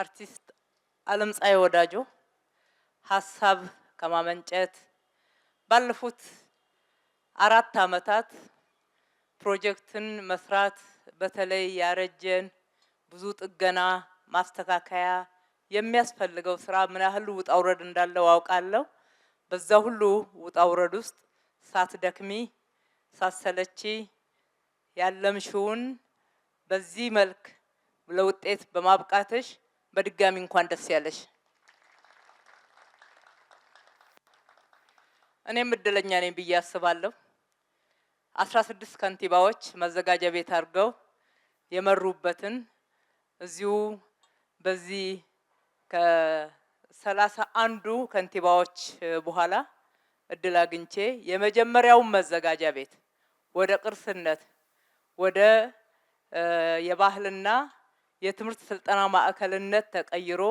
አርቲስት አለምፀሐይ ወዳጆ ሀሳብ ከማመንጨት ባለፉት አራት አመታት ፕሮጀክትን መስራት በተለይ ያረጀን ብዙ ጥገና ማስተካከያ የሚያስፈልገው ስራ ምን ያህል ውጣ ውረድ እንዳለው አውቃለሁ። በዛ ሁሉ ውጣ ውረድ ውስጥ ሳትደክሚ ሳትሰለቺ ያለምሽውን በዚህ መልክ ለውጤት በማብቃትሽ በድጋሚ እንኳን ደስ ያለሽ። እኔም እድለኛ ነኝ ብዬ አስባለሁ። አስራ ስድስት ከንቲባዎች መዘጋጃ ቤት አድርገው የመሩበትን እዚሁ በዚህ ከሰላሳ አንዱ ከንቲባዎች በኋላ እድል አግኝቼ የመጀመሪያውን መዘጋጃ ቤት ወደ ቅርስነት ወደ የባህልና የትምህርት ስልጠና ማዕከልነት ተቀይሮ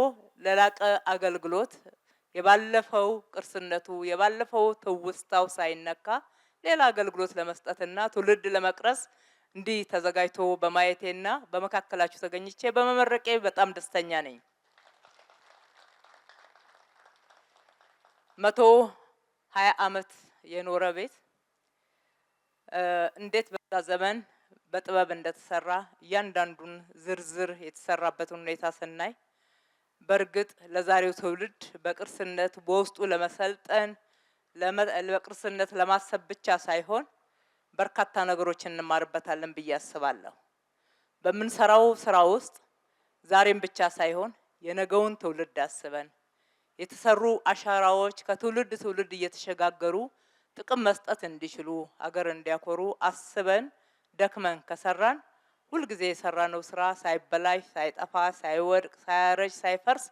ለላቀ አገልግሎት የባለፈው ቅርስነቱ የባለፈው ትውስታው ሳይነካ ሌላ አገልግሎት ለመስጠትና ትውልድ ለመቅረጽ እንዲህ ተዘጋጅቶ በማየቴና በመካከላችሁ ተገኝቼ በመመረቄ በጣም ደስተኛ ነኝ። መቶ ሀያ ዓመት የኖረ ቤት እንዴት በዛ ዘመን በጥበብ እንደተሰራ እያንዳንዱን ዝርዝር የተሰራበትን ሁኔታ ስናይ በእርግጥ ለዛሬው ትውልድ በቅርስነት በውስጡ ለመሰልጠን በቅርስነት ለማሰብ ብቻ ሳይሆን በርካታ ነገሮች እንማርበታለን ብዬ አስባለሁ። በምንሰራው ስራ ውስጥ ዛሬም ብቻ ሳይሆን የነገውን ትውልድ አስበን የተሰሩ አሻራዎች ከትውልድ ትውልድ እየተሸጋገሩ ጥቅም መስጠት እንዲችሉ አገር እንዲያኮሩ አስበን ደክመን ከሰራን ሁልጊዜ የሰራነው ስራ ሳይበላሽ፣ ሳይጠፋ፣ ሳይወድቅ፣ ሳያረጅ፣ ሳይፈርስ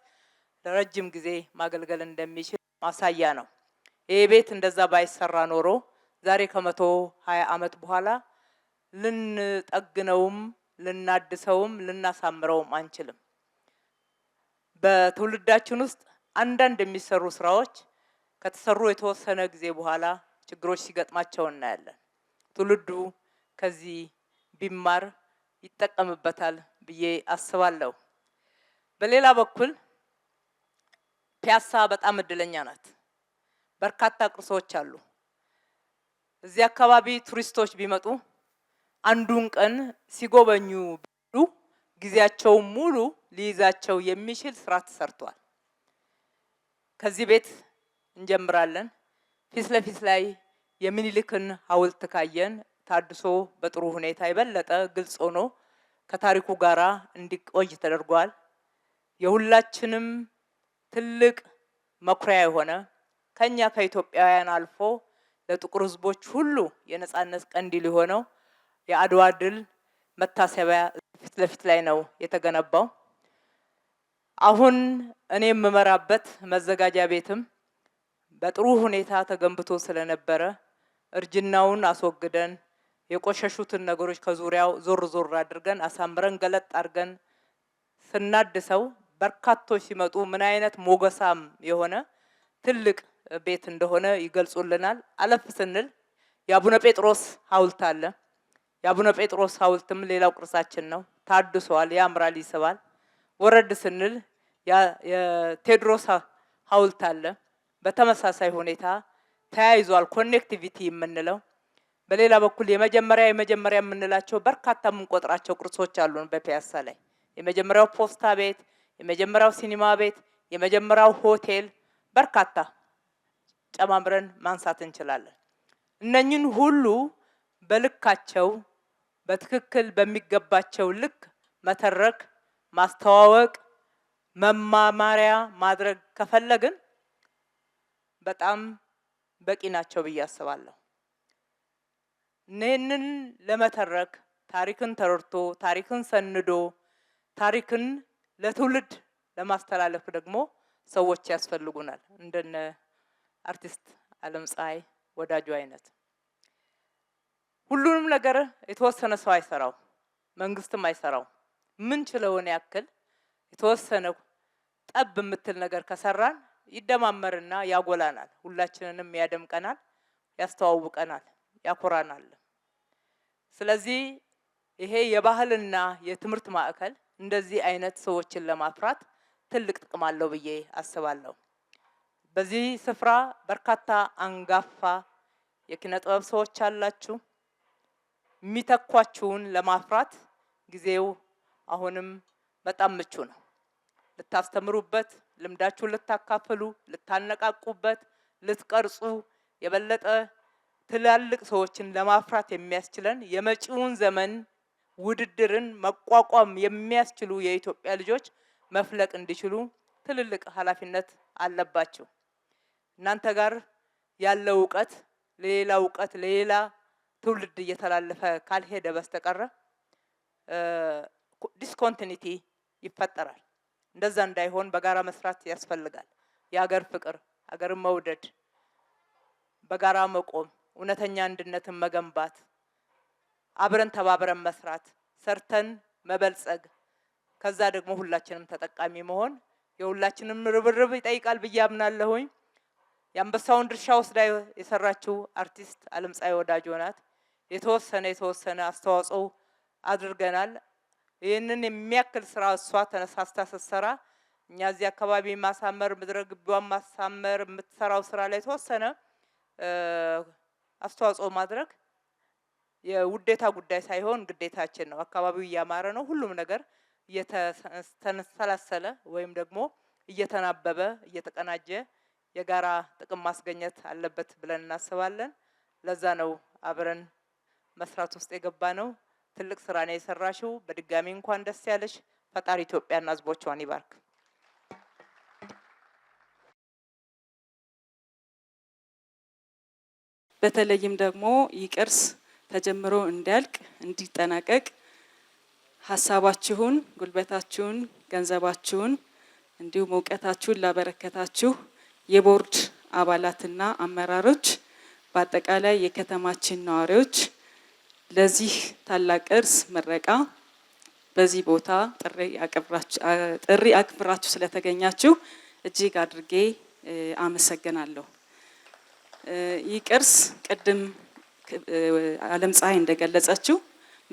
ለረጅም ጊዜ ማገልገል እንደሚችል ማሳያ ነው። ይሄ ቤት እንደዛ ባይሰራ ኖሮ ዛሬ ከመቶ ሀያ ዓመት በኋላ ልንጠግነውም ልናድሰውም ልናሳምረውም አንችልም። በትውልዳችን ውስጥ አንዳንድ የሚሰሩ ስራዎች ከተሰሩ የተወሰነ ጊዜ በኋላ ችግሮች ሲገጥማቸው እናያለን። ትውልዱ ከዚህ ቢማር ይጠቀምበታል ብዬ አስባለሁ። በሌላ በኩል ፒያሳ በጣም እድለኛ ናት። በርካታ ቅርሶች አሉ። እዚህ አካባቢ ቱሪስቶች ቢመጡ አንዱን ቀን ሲጎበኙ ብሉ ጊዜያቸው ሙሉ ሊይዛቸው የሚችል ስራ ተሰርቷል። ከዚህ ቤት እንጀምራለን። ፊት ለፊት ላይ የምኒልክን ሐውልት ካየን ታድሶ በጥሩ ሁኔታ የበለጠ ግልጽ ሆኖ ከታሪኩ ጋራ እንዲቆይ ተደርጓል። የሁላችንም ትልቅ መኩሪያ የሆነ ከኛ ከኢትዮጵያውያን አልፎ ለጥቁር ሕዝቦች ሁሉ የነጻነት ቀንዲል የሆነው የአድዋ ድል መታሰቢያ ፊት ለፊት ላይ ነው የተገነባው። አሁን እኔ የምመራበት መዘጋጃ ቤትም በጥሩ ሁኔታ ተገንብቶ ስለነበረ እርጅናውን አስወግደን የቆሸሹትን ነገሮች ከዙሪያው ዞር ዞር አድርገን አሳምረን ገለጥ አድርገን ስናድሰው በርካቶች ሲመጡ ምን አይነት ሞገሳም የሆነ ትልቅ ቤት እንደሆነ ይገልጹልናል። አለፍ ስንል የአቡነ ጴጥሮስ ሐውልት አለ። የአቡነ ጴጥሮስ ሐውልትም ሌላው ቅርሳችን ነው። ታድሷል፣ ያምራል፣ ይስባል። ወረድ ስንል የቴዎድሮስ ሐውልት አለ። በተመሳሳይ ሁኔታ ተያይዟል። ኮኔክቲቪቲ የምንለው በሌላ በኩል የመጀመሪያ የመጀመሪያ የምንላቸው በርካታ የምንቆጥራቸው ቅርሶች አሉን በፒያሳ ላይ የመጀመሪያው ፖስታ ቤት፣ የመጀመሪያው ሲኒማ ቤት፣ የመጀመሪያው ሆቴል በርካታ ጨማምረን ማንሳት እንችላለን። እነኝን ሁሉ በልካቸው በትክክል በሚገባቸው ልክ መተረክ፣ ማስተዋወቅ፣ መማማሪያ ማድረግ ከፈለግን በጣም በቂ ናቸው ብዬ አስባለሁ። ይህንን ለመተረክ ታሪክን ተረድቶ ታሪክን ሰንዶ ታሪክን ለትውልድ ለማስተላለፍ ደግሞ ሰዎች ያስፈልጉናል። እንደነ አርቲስት አለም ፀሐይ ወዳጁ አይነት ሁሉንም ነገር የተወሰነ ሰው አይሰራው፣ መንግስትም አይሰራው። ምን ችለውን ያክል የተወሰነ ጠብ የምትል ነገር ከሰራን ይደማመርና ያጎላናል፣ ሁላችንንም ያደምቀናል፣ ያስተዋውቀናል። ያኮራናል። ስለዚህ ይሄ የባህልና የትምህርት ማዕከል እንደዚህ አይነት ሰዎችን ለማፍራት ትልቅ ጥቅም አለው ብዬ አስባለሁ። በዚህ ስፍራ በርካታ አንጋፋ የኪነ ጥበብ ሰዎች አላችሁ። የሚተኳችሁን ለማፍራት ጊዜው አሁንም በጣም ምቹ ነው። ልታስተምሩበት፣ ልምዳችሁን ልታካፍሉ፣ ልታነቃቁበት፣ ልትቀርጹ የበለጠ ትላልቅ ሰዎችን ለማፍራት የሚያስችለን የመጪውን ዘመን ውድድርን መቋቋም የሚያስችሉ የኢትዮጵያ ልጆች መፍለቅ እንዲችሉ ትልልቅ ኃላፊነት አለባቸው። እናንተ ጋር ያለው እውቀት ለሌላ እውቀት ለሌላ ትውልድ እየተላለፈ ካልሄደ በስተቀረ ዲስኮንቲኒቲ ይፈጠራል። እንደዛ እንዳይሆን በጋራ መስራት ያስፈልጋል። የሀገር ፍቅር፣ ሀገር መውደድ፣ በጋራ መቆም እውነተኛ አንድነትን መገንባት፣ አብረን ተባብረን መስራት፣ ሰርተን መበልጸግ፣ ከዛ ደግሞ ሁላችንም ተጠቃሚ መሆን የሁላችንም ርብርብ ይጠይቃል ብዬ አምናለሁኝ። የአንበሳውን ድርሻ ወስዳ የሰራችው አርቲስት አለምፀሐይ ወዳጆ ናት። የተወሰነ የተወሰነ አስተዋጽኦ አድርገናል። ይህንን የሚያክል ስራ እሷ ተነሳስታ ስትሰራ እኛ እዚህ አካባቢ ማሳመር ምድረ ግቢዋን ማሳመር የምትሰራው ስራ ላይ የተወሰነ አስተዋጽኦ ማድረግ የውዴታ ጉዳይ ሳይሆን ግዴታችን ነው። አካባቢው እያማረ ነው። ሁሉም ነገር እየተሰላሰለ ወይም ደግሞ እየተናበበ እየተቀናጀ የጋራ ጥቅም ማስገኘት አለበት ብለን እናስባለን። ለዛ ነው አብረን መስራት ውስጥ የገባ ነው። ትልቅ ስራ ነው የሰራሽው። በድጋሚ እንኳን ደስ ያለሽ። ፈጣሪ ኢትዮጵያና ሕዝቦቿን ይባርክ። በተለይም ደግሞ ይህ ቅርስ ተጀምሮ እንዲያልቅ እንዲጠናቀቅ ሀሳባችሁን፣ ጉልበታችሁን፣ ገንዘባችሁን እንዲሁም እውቀታችሁን ላበረከታችሁ የቦርድ አባላትና አመራሮች፣ በአጠቃላይ የከተማችን ነዋሪዎች ለዚህ ታላቅ ቅርስ ምረቃ በዚህ ቦታ ጥሪ አክብራችሁ ስለተገኛችሁ እጅግ አድርጌ አመሰግናለሁ። ይህ ቅርስ ቅድም አለም ፀሐይ እንደገለጸችው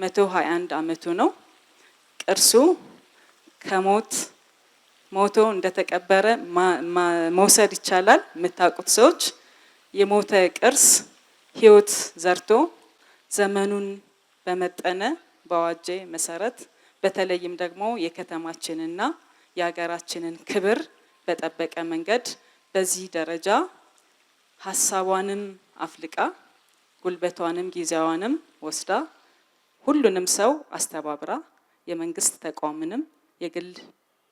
መቶ ሀያ አንድ አመቱ ነው። ቅርሱ ከሞት ሞቶ እንደተቀበረ መውሰድ ይቻላል። የምታውቁት ሰዎች የሞተ ቅርስ ህይወት ዘርቶ ዘመኑን በመጠነ በአዋጀ መሰረት በተለይም ደግሞ የከተማችንና የሀገራችንን ክብር በጠበቀ መንገድ በዚህ ደረጃ ሀሳቧንም አፍልቃ ጉልበቷንም ጊዜዋንም ወስዳ ሁሉንም ሰው አስተባብራ የመንግስት ተቋምንም የግል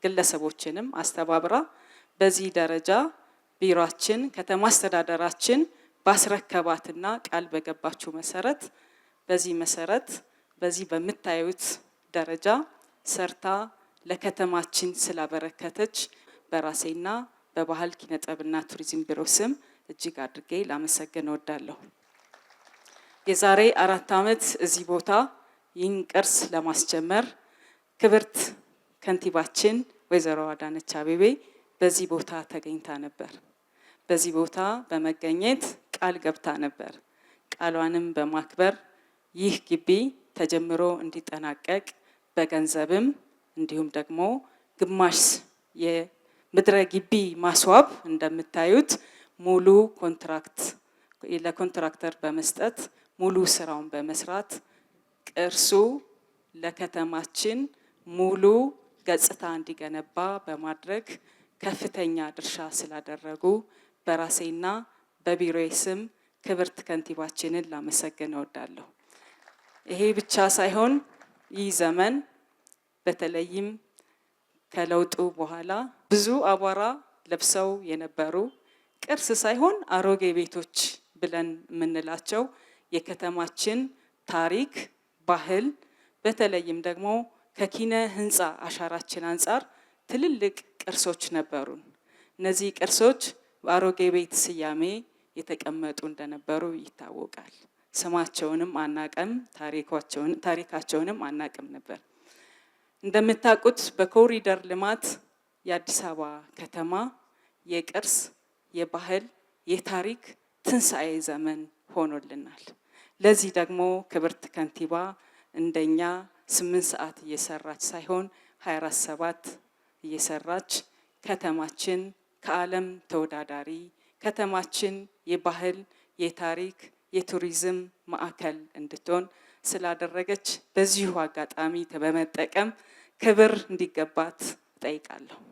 ግለሰቦችንም አስተባብራ በዚህ ደረጃ ቢሮችን ከተማ አስተዳደራችን ባስረከባትና ቃል በገባችው መሰረት በዚህ መሰረት በዚህ በምታዩት ደረጃ ሰርታ ለከተማችን ስላበረከተች በራሴና በባህል ኪነጥበብና ቱሪዝም ቢሮ ስም እጅግ አድርጌ ላመሰግን እወዳለሁ። የዛሬ አራት ዓመት እዚህ ቦታ ይህን ቅርስ ለማስጀመር ክብርት ከንቲባችን ወይዘሮ አዳነች አቤቤ በዚህ ቦታ ተገኝታ ነበር። በዚህ ቦታ በመገኘት ቃል ገብታ ነበር። ቃሏንም በማክበር ይህ ግቢ ተጀምሮ እንዲጠናቀቅ በገንዘብም እንዲሁም ደግሞ ግማሽ የምድረ ግቢ ማስዋብ እንደምታዩት ሙሉ ኮንትራክት ለኮንትራክተር በመስጠት ሙሉ ስራውን በመስራት ቅርሱ ለከተማችን ሙሉ ገጽታ እንዲገነባ በማድረግ ከፍተኛ ድርሻ ስላደረጉ በራሴና በቢሮዬ ስም ክብርት ከንቲባችንን ላመሰግን እወዳለሁ። ይሄ ብቻ ሳይሆን ይህ ዘመን በተለይም ከለውጡ በኋላ ብዙ አቧራ ለብሰው የነበሩ ቅርስ ሳይሆን አሮጌ ቤቶች ብለን የምንላቸው የከተማችን ታሪክ፣ ባህል በተለይም ደግሞ ከኪነ ህንፃ አሻራችን አንጻር ትልልቅ ቅርሶች ነበሩን። እነዚህ ቅርሶች በአሮጌ ቤት ስያሜ የተቀመጡ እንደነበሩ ይታወቃል። ስማቸውንም አናቀም፣ ታሪካቸውንም አናቅም ነበር። እንደምታውቁት በኮሪደር ልማት የአዲስ አበባ ከተማ የቅርስ የባህል የታሪክ ትንሣኤ ዘመን ሆኖልናል። ለዚህ ደግሞ ክብርት ከንቲባ እንደኛ ስምንት ሰዓት እየሰራች ሳይሆን 24 ሰባት እየሰራች ከተማችን ከዓለም ተወዳዳሪ ከተማችን የባህል የታሪክ የቱሪዝም ማዕከል እንድትሆን ስላደረገች በዚሁ አጋጣሚ በመጠቀም ክብር እንዲገባት እጠይቃለሁ።